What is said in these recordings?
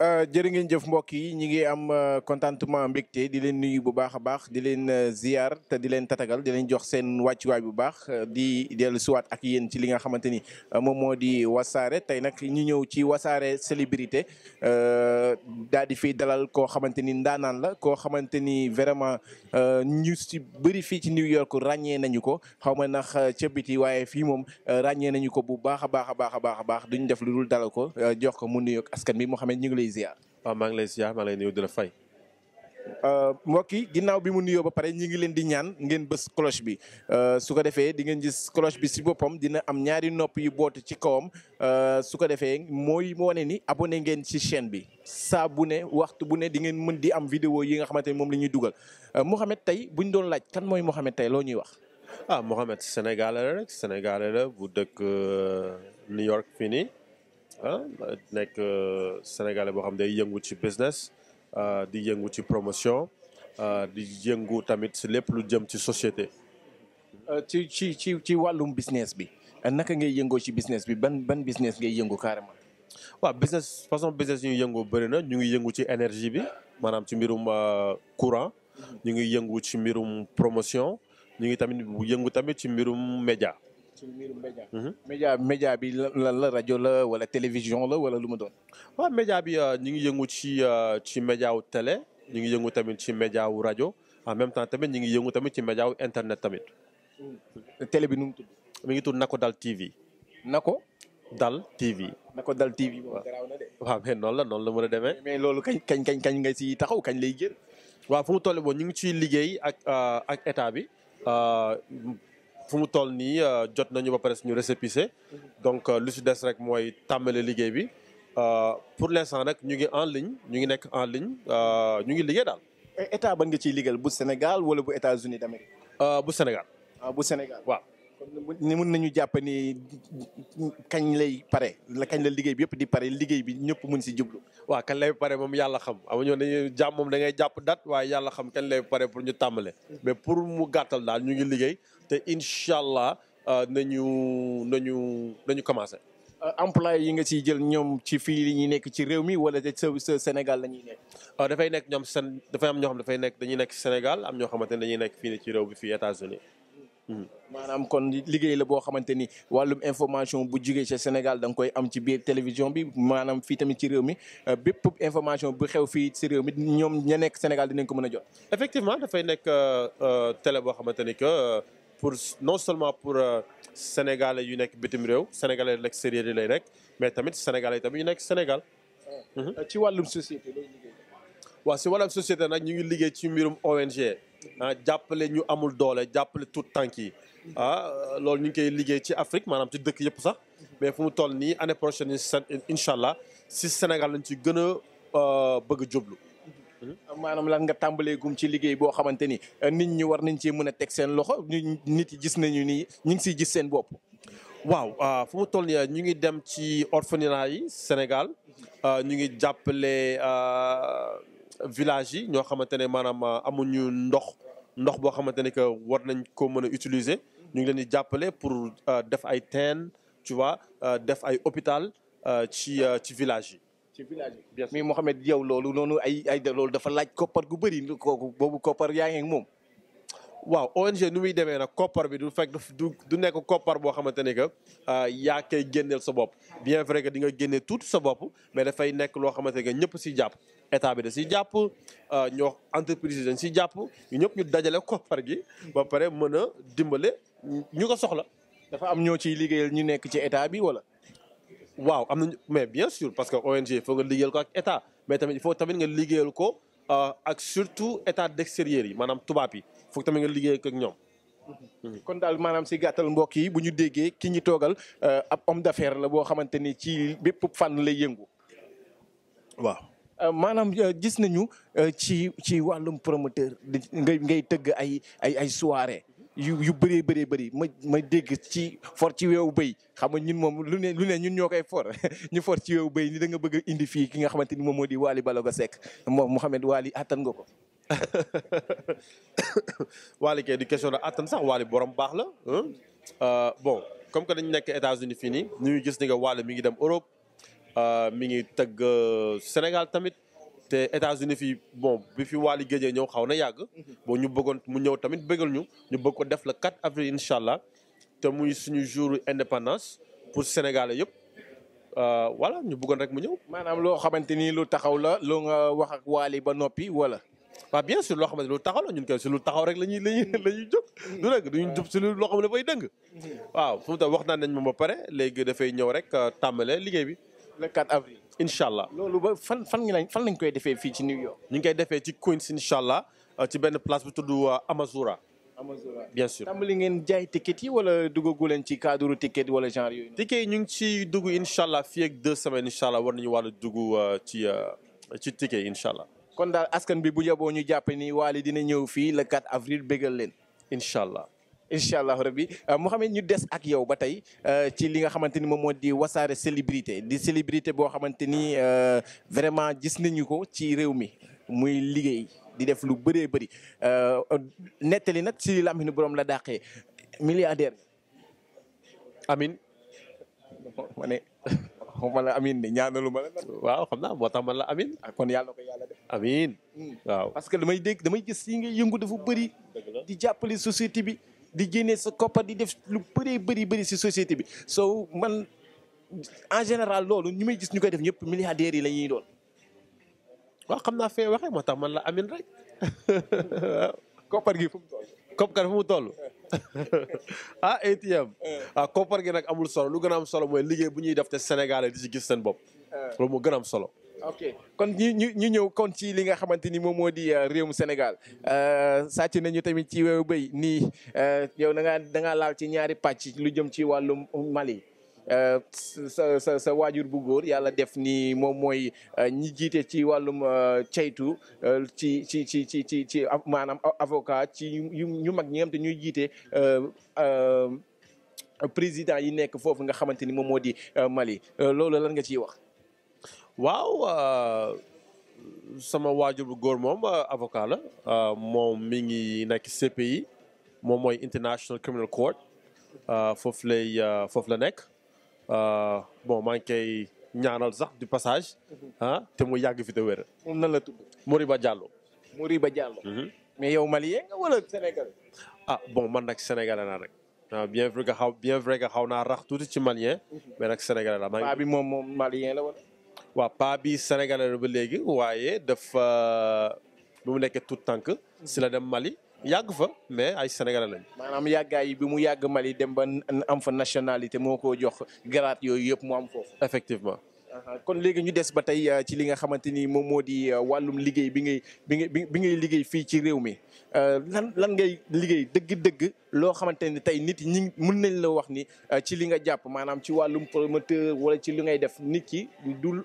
Euh, jërë ngeen jëf mbokk yi ñi ngi am euh, contentement mbégte di leen nuyu bu baax a baax di leen euh, ziar te di leen tatagal di leen jox seen wàccuwaay bu baax di dellu siwaat ak yéen ci li nga xamante ni moom moo di wasaare tey nag ñu ñëw ci wasaare célébrité daal di fiy dalal koo xamante ni ndaanaan la koo xamante ni vraiment ñu si bëri fii ci New York ràññee nañu ko xaw ma ndax ca biti waaye fii moom ràññee nañu ko bu baax a baax a baax a baax duñ def lu dul dalal ko jox ko mu nuyoog askan bi moo xamee ñu ngi lay lay ziar. waaw maa ngi lay ziar maa ngi di la fay. Euh, mbokk yi ginnaaw bi mu nuyoo ba pare ñu ngi leen di ñaan ngeen bës cloche bi euh, su ko defee di ngeen gis cloche bi si boppam dina am ñaari nopp yi bootu ci kawam euh, su ko defee mooy wane ni abone ngeen ci chaîne bi saa bu ne waxtu bu ne di ngeen mën di am vidéo yi nga xamante ni moom la ñuy dugal Mouhamed tey bu ñu doon laaj kan mooy Mouhamed tey loo ñuy wax. ah Mouhamed Sénégalais la rek Sénégalais la bu dëkk New York fii nii ah nekk euh, sénégalais boo xam day yëngu ci business euh, di yëngu ci promotion euh, di yëngu tamit lépp lu jëm ci société. ci ci ci ci wàllum business bi naka ngay yëngoo ci business bi ban ban business ngay yëngu carrément. waaw business façon business ñu yëngoo bëri na ñu ngi yëngu ci énergie bi maanaam ci mbirum courant ñu ngi yëngu ci mbirum promotion ñu ngi tamit yëngu tamit ci mbirum média. suñu mbirum mhm. média. bi lan la rajo la wala télévision la wala lu mu doon. waaw média bi euh, ñu ngi yëngu ci euh, ci média wu télé ñu ngi yëngu tamit ci média wu rajo en même temps tamit ñu ngi yëngu tamit ci média wu internet tamit. Mm. télé bi nu mu tudd. mi ngi tudd Nako Dal TV. Nako. Dal TV. Nako Dal TV. waaw waaw mais noonu la noonu la mën a demee. mais loolu kañ kañ kañ kañ nga si taxaw kañ lay génn. fu mu toll boo ñu ngi ciy liggéey ak euh, ak état bi. fu mu toll nii euh, jot nañu ba pare suñu récépissé donc euh, lu si des rek mooy tàmbale liggéey bi euh, pour l'instant rek ñu ngi en ligne ñu ngi nekk en ligne ñu ngi liggéey daal. état ban nga ciy liggéeyal bu Sénégal wala bu États-Unis d'Amérique. bu Sénégal. Ah, bu Sénégal waaw. ni mën nañu jàpp ni kañ lay pare la kañ la liggéey bi yëpp di pare liggéey bi ñëpp mun si jublu. waa kañ lay pare moom yàlla xam amuñu dañuy jàpp moom da ngay jàpp dat waaye yàlla xam kañ lay pare pour ñu tàmbale. Hmm. mais pour mu gàttal daal ñu ngi liggéey. te incha allah euh, nañu nañu nañu commencé. Euh, employé yi nga ciy jël ñoom ci fii li ñuy nekk ci réew mi wala sa Sénégal la ñuy euh, dafay nekk ñoom seen dafay am ñoo dafay nekk dañuy nekk Sénégal am ñoo xamante ne dañuy nekk fii nii ci réew bi fii États-Unis hmm. maanaam kon liggéey la boo xamante ni wàllum information bu jugee ci Sénégal da koy am ci biir télévision bi maanaam fii tamit ci réew mi bépp information bu xew fii ci réew mi ñoom ña nekk Sénégal dinañ ko mën a jot. effectivement dafay nekk télé boo xamante ni que. pour non seulement pour sénégalais yu nekk bitim réew sénégalais yu nekk extérieur yi lay nekk mais tamit sénégalais yi tamit yu nekk Sénégal. ci wàllum société looy si wàllum société nag ñu ngi liggéey ci mbirum ONG. jàppale ñu amul doole jàppale tout tànk yi. ah loolu ñu ngi koy liggéey ci Afrique maanaam ci dëkk yëpp sax. mais fu mu toll nii année prochaine incha allah si Sénégal lañ ci gën a bëgg jublu. manam mhm. lan nga tambalé gum ci liggéey bo xamanteni euh, nit ñi war nañ ci mëna tek teg seen loxo nit yi gis nañu ni ñu ngi siy gis seen bop waaw euh, fu mu toll nii ñu ngi dem ci orphelinat yi Sénégal euh, ñu ngi jàppale village yi ñoo xamante manam amuñu ndox ndox bo xamanteni ne que war nañ ko mëna utiliser ñu ngi leen di jappelé pour def ay teen tu vois def ay hôpital ci ci village yi. ci village bi mais Mouhamed yow loolu noonu ay ay loolu dafa laaj koppar gu bëri kooku boobu koppar yaa ngi moom. waaw ONG nu muy demee nag koppar bi du fekk du du nekk koppar boo xamante ni que ah, yaa koy génneel sa bopp bien vrai que di nga génne tuuti sa bopp mais dafay nekk loo xamante ni que ñëpp si jàpp état bi da si jàpp ah, ñoo entreprise da si jàpp ñu ñëpp ñu dajale koppar gi ba pare mën a dimbale ñu ko soxla. dafa am ñoo ciy liggéeyal ñu nekk ci état bi wala. waaw am nañu mais bien sûr parce que ONG il faut nga liggéeyal ko ak état mais tamit il faut tamit nga liggéeyal ko euh, ak surtout état d'extérieur yi maanaam tubaab yi foog tamit nga liggéey ak ñoom. kon daal maanaam si gàttal mbokk yi bu ñu déggee ki ñu toogal euh, ab homme d'affaires la boo xamante ni ci bépp fànn lay yëngu. waaw. Euh, maanaam gis nañu ci ci wàllum promoteur ngay ngay tëgg ay ay ay soirée yu yu bëree bëree bëri ma ma dégg ci foor ci weewu béy xam nga ñun moom lu ne lu ne ñun ñoo koy foor ñu for ci weewu béy ni da nga bëgg indi fii ki nga xamante ni moom moo di Waly Balago Seck moom Mouhamed Waly attan nga ko. Waly kay di question la attan sax Waly borom baax la. Euh, bon comme que dañu nekk États-Unis fi nii ñu ngi gis ni nga Waly mi ngi dem Europe euh, mi ngi tëgg euh, Sénégal tamit. te États-Unis fii bon bi fi Wally géejee ñëw xaw na yàgg. bon ñu bëggoon mu ñëw tamit bëggal ñu. ñu bëgg ko def la 4 avril incha allah te muy suñu jour indépendance pour Sénégalais yëpp. wala euh, ñu buggoon rek mu ñëw. maanaam loo xamante ni lu taxaw la loo nga wax ak Wally ba noppi wala. waaw bien sûr loo xamante lu taxaw la ñun kay si lu taxaw rek la ñuy la ñuy la ñuy jóg. du rek duñu si lu loo xam ne dafay dëng. Mm-hmm. waaw fu mu tax wax naan nañ moom ba pare léegi dafay ñëw rek euh, tàmbale liggéey bi. incha allah loolu ba fan fan lañ fan lañ koy defee fii ci New York. ñu ngi koy defee ci Queens incha allah euh, ci benn place bu tudd euh, Amazura. Amazura bien sûr tàmbali ngeen jaay ticket yi wala duggagu leen ci cadre ticket wala genre yooyu. ticket yi ñu ngi ciy dugg incha allah fii ak deux semaines incha allah war nañu war a dugg euh, ci ci ticket yi incha allah. kon daal askan bi bu yeboo ñu jàpp ni Wally dina ñëw fii le 4 avril bégal leen. incha allah. incha allah rabbi xamee euh, ñu des ak yow ba tey euh, ci li nga xamante ni moom moo di wasaare célébrité di célébrité boo xamante ni euh, vraiment gis nañu ko ci réew mi muy liggéey di def lu bëree bëri nettali nag si Lamine borom la dàqee milliardaire. amin ma ne ma la ñaanalu ma la. xam naa moo tax man la amin ah, kon yàlla ko hmm. parce que damay dégg damay gis yi nga yëngu dafa bëri. di jàppale société bi. di génne sa koppar di def lu bëree bëri bari si société bi soo man en général loolu ñu may gis ñu koy def ñëpp milliardaires yi la ñuy doon waaw xam naa fee waxee moo tax man la amin rek waaw koppar gi fu mu mu toll ah ATM waaw eh. ah, koppar gi nag amul solo lu gën am solo mooy liggéey bu ñuy def te Sénégal di ci gis seen bopp eh. loolu moo gën am solo ok kon ñu ñu ñu ñëw kon ci li nga xamante ni moom moo di euh, réewum Sénégal euh, sàcc nañu tamit ci weewu béy nii euh, yow da ngaa laal ci ñaari pàcc lu jëm ci wàllum Mali. sa sa sa waajur bu góor yàlla def nii moom mooy ñi jiite ci wàllum ceytu ci ci ci ci ci ci maanaam avocat ci ñu mag ñi nga xam te ñuy jiite président yi nekk foofu nga xamante ni moom moo di Mali loolu lan nga ci wax. waaw euh, sama waajur bu góor moom euh, avocat la euh, moom mi ngi nekk CPI moom mooy International Criminal Court foofu lay foofu la nekk bon maa ngi koy ñaanal sax du passage hein? te mu yàgg fi te wér. moom nan la tudd. Moriba Diallo. Moriba Diallo. Mhm. mais yow malien nga wala sénégalais. ah bon man nag sénégalais naa nag. Ah, bien vrai que xaw bien vrai que xaw naa rax tuuti ci malien. Mhm. mais nag sénégalais la maa bi moom moom malien la wala. waa paa bi sénégalais la ba léegi waaye dafa mu tout dem Mali yàgg fa mais ay sénégalais lañ. maanaam yàggaay yi bi mu yàgg Mali dem ba am fa nationalité moo ko jox garaat yooyu yëpp mu am foofu. effectivement. kon léegi ñu des ba tey euh, ci li nga di euh, walum liggéey bi ngay bi ngay bi fi liggéey ci réew mi euh, lan lan ngay liggéey dëgg-dëgg loo xamante ni tey nit ñi mën nañ la wax ni ci li nga jàpp maanaam ci wàllum promoteur wala ci li ngay def nit ki dul.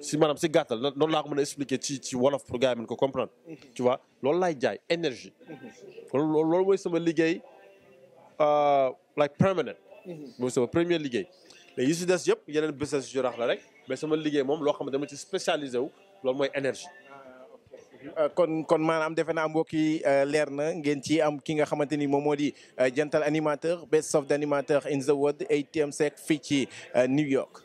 si madame si gâteau, non là ko me expliquer ci ci wolof pour programme, tu comprends. ko comprendre. Mhm. tu vois loolu laay jaay énergie. Mhm. loolu loolu mooy sama liggéey euh, like permanent. Mhm. mooy sama premier liggéey. léegi yu si des a yeneen business yu la rek mais sama liggéey moom loo xam ne dama ci spécialisé wu loolu mooy énergie. Ah, euh, kon kon maanaam defe naa mbokk yi euh, leer na ci am ki nga xamante ni moom moo animateur best of Animator in the world ATM sec, siècle New York.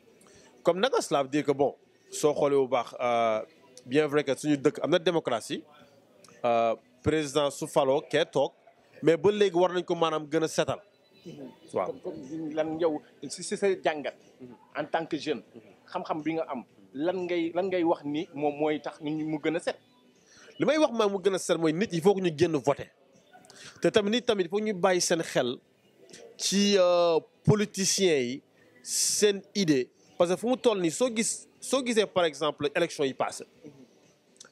comme naka cela veut que bon soo xoolee bu baax euh, bien vrai que suñu dëkk am na démocratie euh, président Soufalo faloo kee toog mais ba léegi war nañ ko maanaam gën a setal. waaw lan yow si si sa jàngat. en tant que jeune. xam-xam bi nga am lan ngay lan ngay wax ni mom moy tax mu gën a set. li may wax ma mu gëna sét moy nit il faut que ñu génn voter té tamit nit tamit foog ñu bàyyi sen xel ci euh, politiciens yi sen idée parce que si on toll gis par exemple élection yi passe,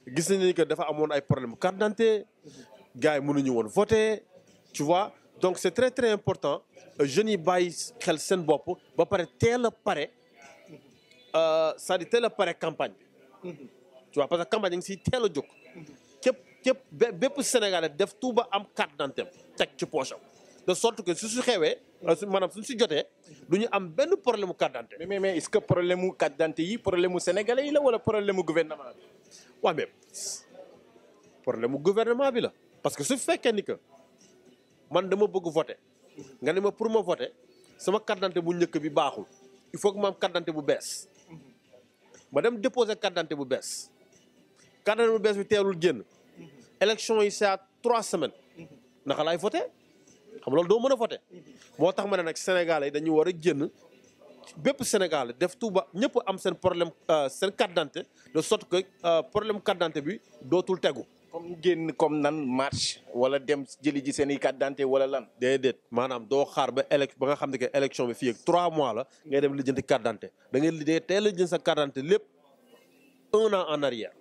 gis ni que dafa carte gars voter tu vois donc c'est très très important Je n'y pas xel ba telle a euh, cest campagne tu vois parce que campagne c'est carte de sorte que su su euh, Madame, si jotee du ñu am benn problème mu carte mais mais est-ce que problème mu carte d'identité yi problème sénégalais ou la wala problème mu gouvernement Oui, mais mais problème mu gouvernement bi la parce que ce fait ni que man dama bëgg voter nga ne ma pour ma voter sama carte d'identité bu njëkk bi baaxul il faut que ma am carte d'identité bu bees ma dem déposer carte d'identité bu La carte d'identité bu bees bi teelul génn élection yi c'est à trois semaines Je vais voter xam loolu doo mën a voté moo tax ma ne nag Sénégalais yi dañu war a génn bépp Sénégal def Touba ñëpp am seen problème euh, seen carte d'identité de sorte que euh, problème carte d'identité bi dootul tegu. comme génn comme nan marche wala dem jëli ji seen i carte d'identité wala lan. déedéet maanaam doo xaar ba élec ba nga xam ne que élection bi fii ak 3 mois la ngay dem lijjanti carte d'identité da ngay li liggéey teel a jënd sa carte d'identité lépp un an en arrière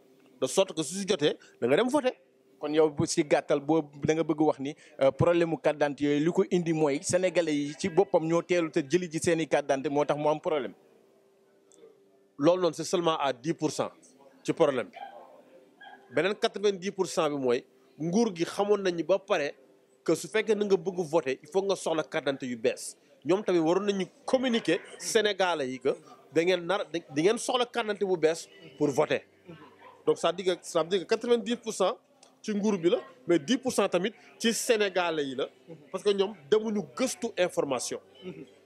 de sorte que su si jotee da nga dem voté. kon yow bu si gàttal boo da nga bëgg wax ni euh, problème mu carte d'identité yooyu li ko indi mooy sénégalais yi ci boppam ñoo teelu te jëli ji seen i carte d'identité moo tax mu am problème. loolu noonu c'est seulement à 10 pour cent ci problème bi beneen 90 pour cent bi mooy nguur gi xamoon nañu ba pare que su fekkee na nga bëgg voter il faut nga soxla carte yu bees ñoom tamit waroon na ñu communiquer sénégalais yi que da ngeen nar di ngeen soxla carte bu bees pour voter donc ça veut dire que ça veut dire cent. ci nguur bi la mais 10 tamit ci sénégalais yi la. parce que ñom demu ñu geustu information.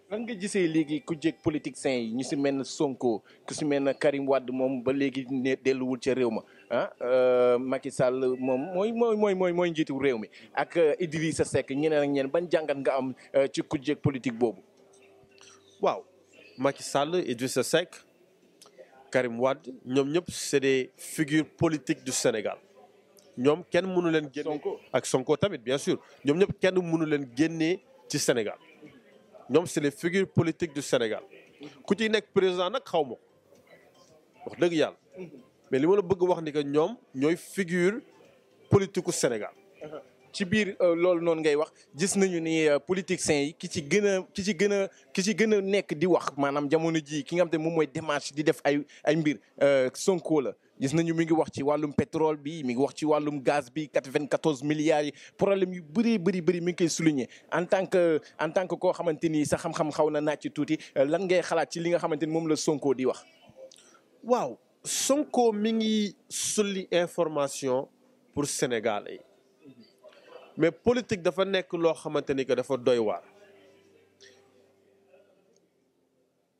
lan nga gisee léegi ku jég politiciens yi ñu ci mel Sonko ku ci mel Karim wad mom ba légui ne delluwul ca réew ma ah euh, Macky Sall mom moy moy moy moy mooy njiitu réew ak euh, Idrissa Seck ñeneen ak ñeneen ban jangat nga am euh, ci ku jég politique bobu waaw Macky Sall Idrissa Seck Karim Wad, ñoom ñëpp c'est des figures politiques du Sénégal ñoom kenn mënu leen génne ak Sonko tamit bien sûr ñoom ñëpp kenn mënu leen génnee ci Sénégal ñoom c'est les figures politiques du Sénégal ku ciy nekk président nag xaw ma wax dëgg yàlla mais li ma la bëgg wax ni que ñoom ñooy figure politique u Sénégal ci biir euh, loolu non ngay wax gis nañu ni euh, politiciens yi ki ci gën a ki ci gën a ki ci gën a di wax maanaam jamono ji ki nga xam te moom mooy démarche di def ay ay mbir euh, Sonko la gis nañu mi ngi wax ci wàllum pétrole bi mi ngi wax ci wàllum gaz bi 94 milliards yi problème yu bëri bëri bëri mi ngi koy souligner en tant que en tant que koo xamante sa xam-xam xaw na naaj ci tuuti euh, lan ngay xalaat ci li nga xamante ni moom la Sonko di wax. waaw Sonko mi ngi sulli information pour Sénégal mais politique dafa nekk loo xamante ni que dafa doy waar.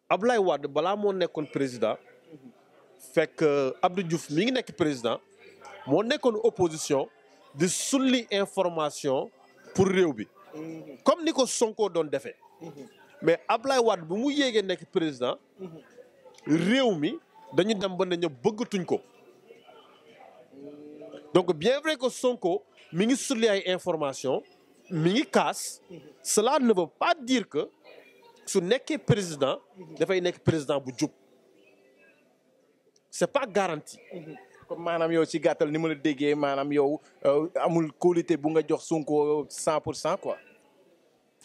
Ablaye Wade balaa moo nekkoon président fait que Abdou Diouf mi ngi nek président mo une opposition de souli information pour réew comme niko Sonko fait, défé mais Ablaye Wade bu mu yégué président réew mi dañu dem ba ne bëggatuñ ko donc bien vrai que Sonko mi ngi souli ay information mi ngi casse cela ne veut pas dire que su nekké président fay nek président bu Diouf c'est pas garanti. comme maanaam yow ci gàttal ni ma dégué, déggee maanaam yow euh, amul qualité bu nga jox Sonko 100%, pour cent quoi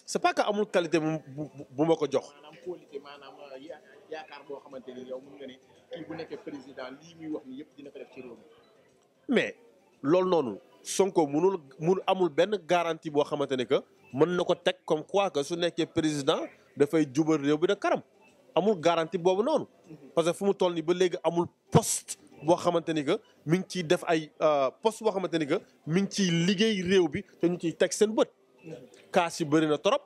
c'est pas que amul qualité bu bu ma jox. maanaam qualité maanaam euh, yaakaar boo xamante ni yow mën nga ne kii bu nekkee président lii muy wax ni yëpp dina ko def ci réew mais lol noonu Sonko munul mun amul benn garantie boo xamante ne que mën na ko comme quoi que su nekkee président dafay jubal réew bi da karam. amul garantie boobu noonu. parce que fu mu toll nii ba léegi amul poste boo xamante ni que mi ngi ciy def ay euh, poste boo xamante ni que mi ngi ciy liggéey réew bi te ñu ciy teg seen bët. kaas yi bëri na trop.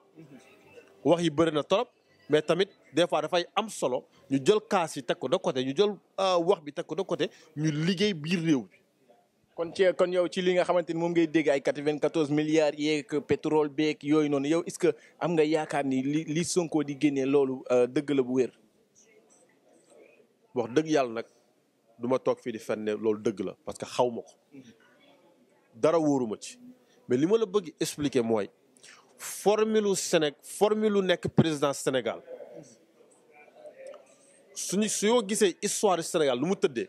wax yi bëri na trop mais tamit des fois dafay am solo ñu jël kaas yi teg ko de côté ñu jël euh, wax bi teg ko de côté ñu liggéey biir réew bi. kon ci kon yow ci li nga xamante ni moom ngay dégg ay quatre-vingt-quatorze milliards yeeg pétrole beeg yooyu noonu yow est-ce que am nga yaakaar ni li li Sonko di génne loolu euh, dëgg la bu wér. wax dëgg yàlla nag du toog fii di fenn loolu dëgg la parce que xaw ko dara wóoruma ci mais li ma la bëgg expliquer mooy formule lu Séné formule lu nekk président Sénégal suñu soo gisee histoire du Sénégal lu mu tëddee.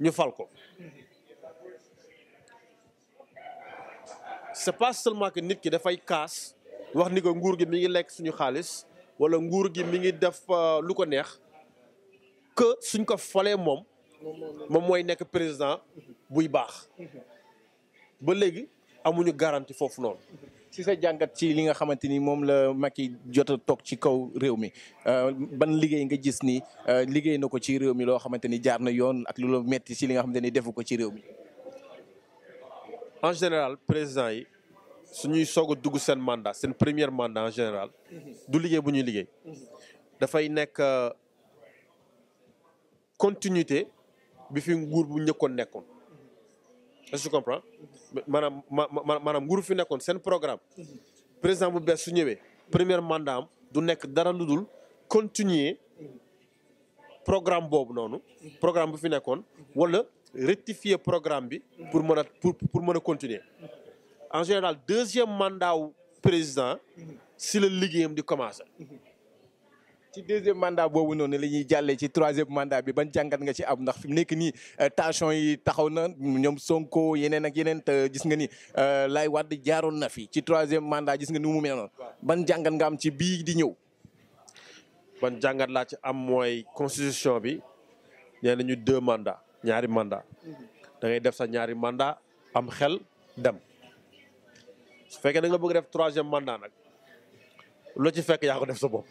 ñu fal ko c'est pas seulement que nit ki dafay kaas wax ni ko nguur gi mi ngi lekk suñu xaalis wala nguur gi mi ngi def euh, lu ko neex que suñ ko falee moom moom mooy nekk président buy baax ba léegi amuñu garantie foofu noonu si sa jangat ci li nga xamanteni mom la maki jotta tok ci kaw réew mi euh, ban liggéey nga gis ni euh, liggéey nako ci réew mi loo xamante jaar na yoon ak lu la metti ci li nga xamanteni defuko ci réew mi. en général président yi suñuy soog a dugg seen mandat sen premier mandat en général. du liggéey bu ñuy da fay nek euh, continuité bi fi nguur bu njëkkoon nekkoon. Je comprends Madame, Gourou, c'est un fi Le programme président bu bees le premier mandat c'est du dara continuer programme Bob le programme bu fi nekkoon le rectifier programme pour pour pour continuer en général le deuxième mandat du président c'est le ligue du commencer ci deuxième mandat bobu noonu lañuy jallé ci troisième mandat bi ban jangat nga ci am ndax fi nek ni nii euh, tension yi taxaw na ñom Sonko yenen ak yenen te gis nga ni euh, lay wad jaaroon na fi ci troisième mandat gis nga nu mu mel noonu ban jangat nga am ci bi di ñew ban jangat la ci am moy constitution bi nee nañu deux mandats ñaari mandat da ngay def sa ñaari mandat am xel dem su fekkee da nga bëgg def troisième mandat nag loo ci fekk yaa ko def sa bopp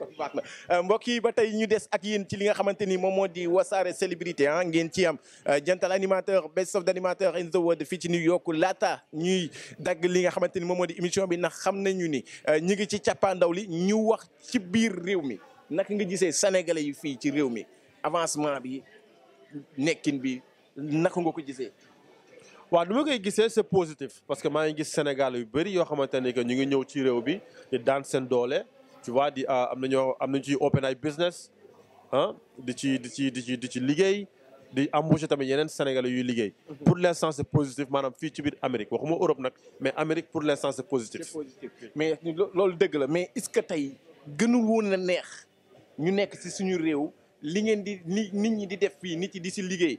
kon baax na euh, mbokk yi ba tey ñu dess ak yeen ci li nga xamante ni moom moo di wasaare célébrité ah ngeen ci am jantal euh, animateur best of animateur in the world fii ci New York laata ñuy dagg li nga xamante ni moom moo di émission bi ndax xam nañu ni euh, ñu ngi ci cappaandaw li ñu wax ci biir réew mi naka nga gisee sénégalais yi fii ci réew mi avancement bi nekkin bi naka nga ko gisee. waaw ni ma koy gisee c'est positif parce que maa ngi gis sénégalais yu bëri yoo xamante ne que ñu ngi ñëw ci réew bi di daan seen doole tu vois di ah, am nañoo am ci open ay business hein, di ci di ci di ci di ci liggéey di embauché tamit yenen sénégalais yu liguey mhm. pour l'instant c'est positif manam fi ci biir Amérique waxuma Europe nak mais Amérique pour l'instant c'est positif. positif mais lolu deug la mais est ce que tay gënu woon neex ñu nekk ci suñu réew li ngeen di nit ñi di def fi nit ñi di ci liguey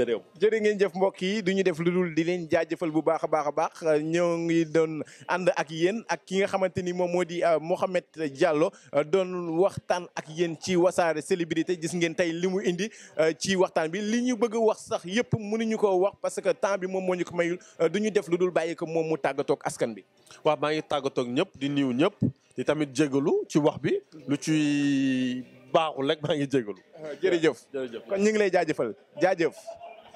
ca réew ngeen jëf mbokk yi du def lu dul di leen jaajëfal bu baax a baax a baax ñoo ngi doon ànd ak yéen ak ki nga xamante ni moom moo di euh, Mouhamed Diallo euh, doon waxtaan ak yéen ci wasaare célébrité gis ngeen tey li mu indi euh, ci waxtaan bi li ñu bëgg wax sax yëpp mënuñu ko wax parce que temps bi moom moo ñu ko mayul du ñu def lu dul bàyyi ko moom mu tàggatoog askan bi waa maa ngi tàggatook ñëpp di niw ñëpp i tamit jégalu ci wax bi lu ci baaxul rek maa ngi jégalu jërëjëf jërëjëf